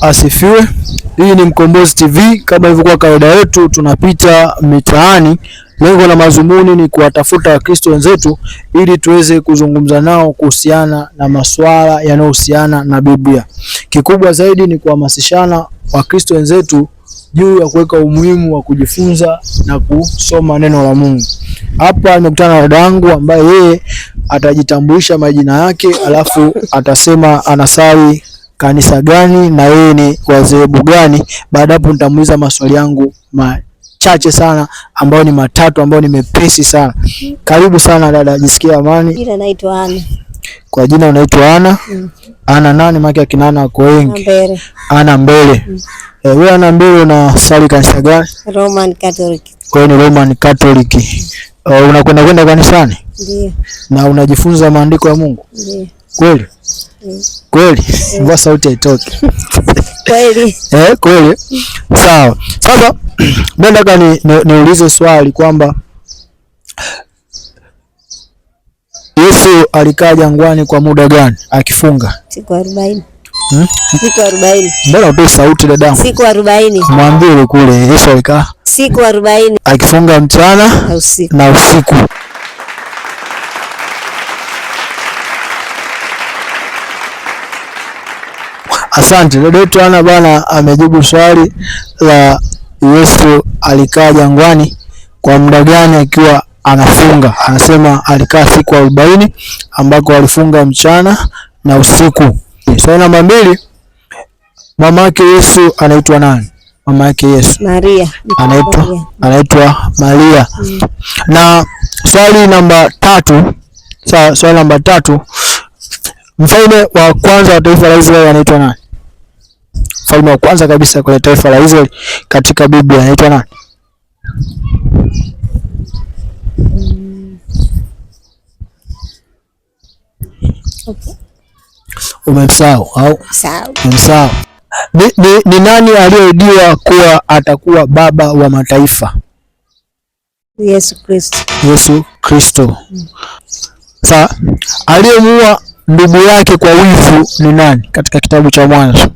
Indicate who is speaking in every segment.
Speaker 1: asifiwe. Hii ni Mkombozi TV. Kama ilivyokuwa kawaida yetu, tunapita mitaani. Lengo la mazumuni ni kuwatafuta Wakristo wenzetu ili tuweze kuzungumza nao kuhusiana na masuala yanayohusiana na Biblia. Kikubwa zaidi ni kuhamasishana Wakristo wenzetu juu ya kuweka umuhimu wa kujifunza na kusoma neno la Mungu. Hapa nimekutana na dadangu ambaye yeye atajitambulisha majina yake, alafu atasema anasali kanisa gani na yeye ni wazehebu gani. Baada hapo nitamuuliza maswali yangu machache sana ambayo ni matatu ambayo ni mepesi sana. Karibu sana dada, jisikie amani.
Speaker 2: Jina naitwa Ana.
Speaker 1: Kwa jina unaitwa Ana? Mm. Ana nani maki Ana wako wengi? Ana mbele. Mm. Eh, wewe Ana mbele unasali kanisa gani?
Speaker 2: Roman Catholic.
Speaker 1: Kwa hiyo ni Roman Catholic. Mm. Uh, unakwenda kwenda kanisani? Ndio. Na unajifunza maandiko ya Mungu? Ndio. Kweli? Kweli eh. mbona sauti haitoki? Kweli eh, kweli. Sawa, sasa mimi nataka ni, niulize swali kwamba Yesu alikaa jangwani kwa muda gani akifunga?
Speaker 2: Siku 40. Hmm? Siku 40.
Speaker 1: Mbona utoe sauti dada?
Speaker 2: Siku 40.
Speaker 1: Mwambie kule Yesu alikaa
Speaker 2: siku 40
Speaker 1: akifunga mchana na usiku, na usiku. Asante. Dada yetu Ana bana amejibu swali la Yesu alikaa jangwani kwa muda gani akiwa anafunga. Anasema alikaa siku arobaini ambako alifunga mchana na usiku. Swali namba mbili, mama yake Yesu anaitwa nani? Mama yake Yesu Maria, anaitwa anaitwa Maria. Mm. Na swali namba tatu, swali namba tatu, mfalme wa kwanza wa taifa la Israeli anaitwa nani? mfalme wa kwanza kabisa kwenye taifa la Israeli katika Biblia anaitwa nani? Okay. Umemsahau au? Umemsahau. Ni, ni, ni nani aliyeahidiwa kuwa atakuwa baba wa mataifa?
Speaker 2: Yesu Kristo.
Speaker 1: Yesu Kristo. Mm. Sasa aliyemuua ndugu yake kwa wivu ni nani katika kitabu cha Mwanzo?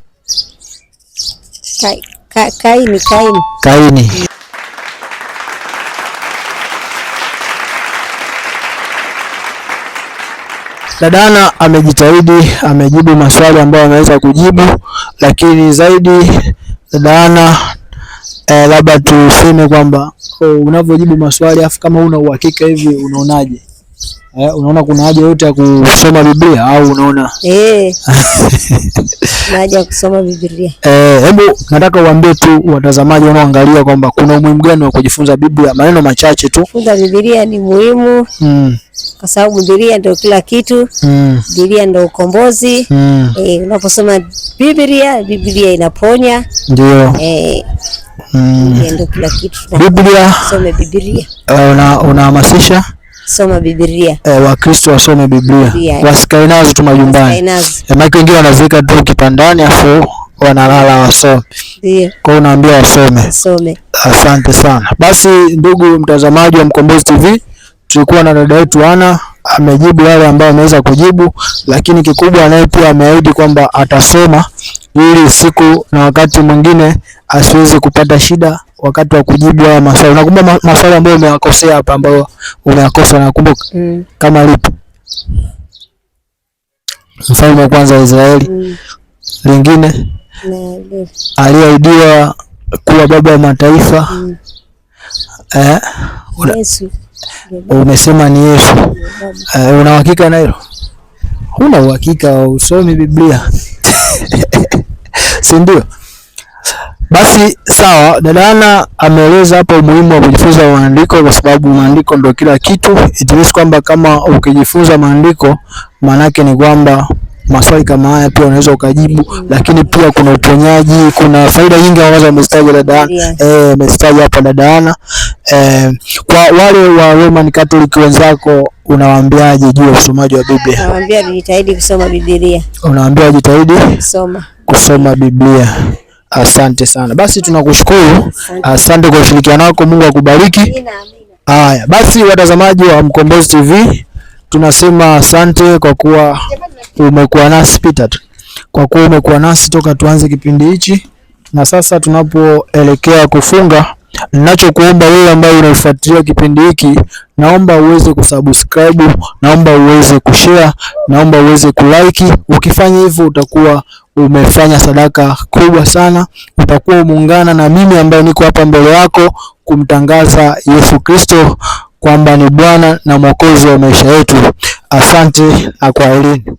Speaker 2: Kaini, Kaini.
Speaker 1: Kaini. Dadana amejitahidi, amejibu maswali ambayo ameweza kujibu, lakini zaidi Dadana eh, labda tuseme kwamba oh, unavyojibu maswali afu kama una uhakika hivi unaonaje? Eh, unaona kuna haja yote ya kusoma Biblia au unaona
Speaker 2: eh? baada ya kusoma Biblia.
Speaker 1: Eh, hebu nataka uambie tu watazamaji wanaoangalia kwamba kuna umuhimu gani wa kujifunza Biblia, maneno machache tu.
Speaker 2: Kujifunza Biblia ni muhimu mm. Kwa sababu Biblia ndio kila kitu mm. Biblia ndio ukombozi mm. Eh, unaposoma Biblia, Biblia inaponya ndio eh, mm. Ndio kila kitu. Biblia, soma Biblia.
Speaker 1: Uh, unahamasisha una
Speaker 2: Soma Biblia.
Speaker 1: Eh, Wakristo wasome Biblia. Wasikae nazo tu majumbani. Eh, maana wengine wanaziweka tu kitandani afu wanalala wasome. Ndio. Kwa naambia wasome. Wasome. Asante sana. Basi ndugu mtazamaji wa Mkombozi TV, tulikuwa na dada yetu Ana amejibu yale ambayo ameweza kujibu, lakini kikubwa naye pia ameahidi kwamba atasoma ili siku na wakati mwingine asiweze kupata shida wakati wa kujibu haya maswali. Unakumbuka maswali ambayo umeyakosea hapa ambayo umeyakosa unakumbuka? Mm. Kama lipi? Mfalme wa kwanza wa Israeli. Mm. Lingine? Mm. Aliahidiwa kuwa baba wa mataifa. Mm. Eh, una, Yesu. Umesema ni Yesu. Eh, una uhakika na hilo? Huna uhakika, usomi Biblia. Si ndio? Basi sawa, dada ameeleza hapa umuhimu wa kujifunza maandiko kwa sababu maandiko ndio kila kitu. It means kwamba kama ukijifunza maandiko, maanake ni kwamba maswali kama haya pia unaweza ukajibu, lakini pia kuna uponyaji, kuna faida nyingi ambazo amezitaja dada Ana yes. Eh, amezitaja hapa dada Ana eh, kwa wale wa Roman Catholic wenzako unawaambiaje juu ya usomaji wa Biblia?
Speaker 2: Unawaambia jitahidi kusoma Biblia.
Speaker 1: Unawaambia jitahidi kusoma Biblia. Asante sana basi, tunakushukuru asante kwa ushirikiano wako. Mungu akubariki. Haya basi, watazamaji wa Mkombozi TV tunasema asante kwa kuwa umekuwa nasi Peter, tu, kwa kuwa umekuwa nasi toka tuanze kipindi hichi, na sasa tunapoelekea kufunga, ninachokuomba wewe ambaye unaifuatilia kipindi hiki, naomba uweze kusubscribe, naomba uweze kushare, naomba uweze kulike. Ukifanya hivyo utakuwa umefanya sadaka kubwa sana. Utakuwa umeungana na mimi ambaye niko hapa mbele yako kumtangaza Yesu Kristo kwamba ni Bwana na Mwokozi wa maisha yetu. Asante na kwaherini.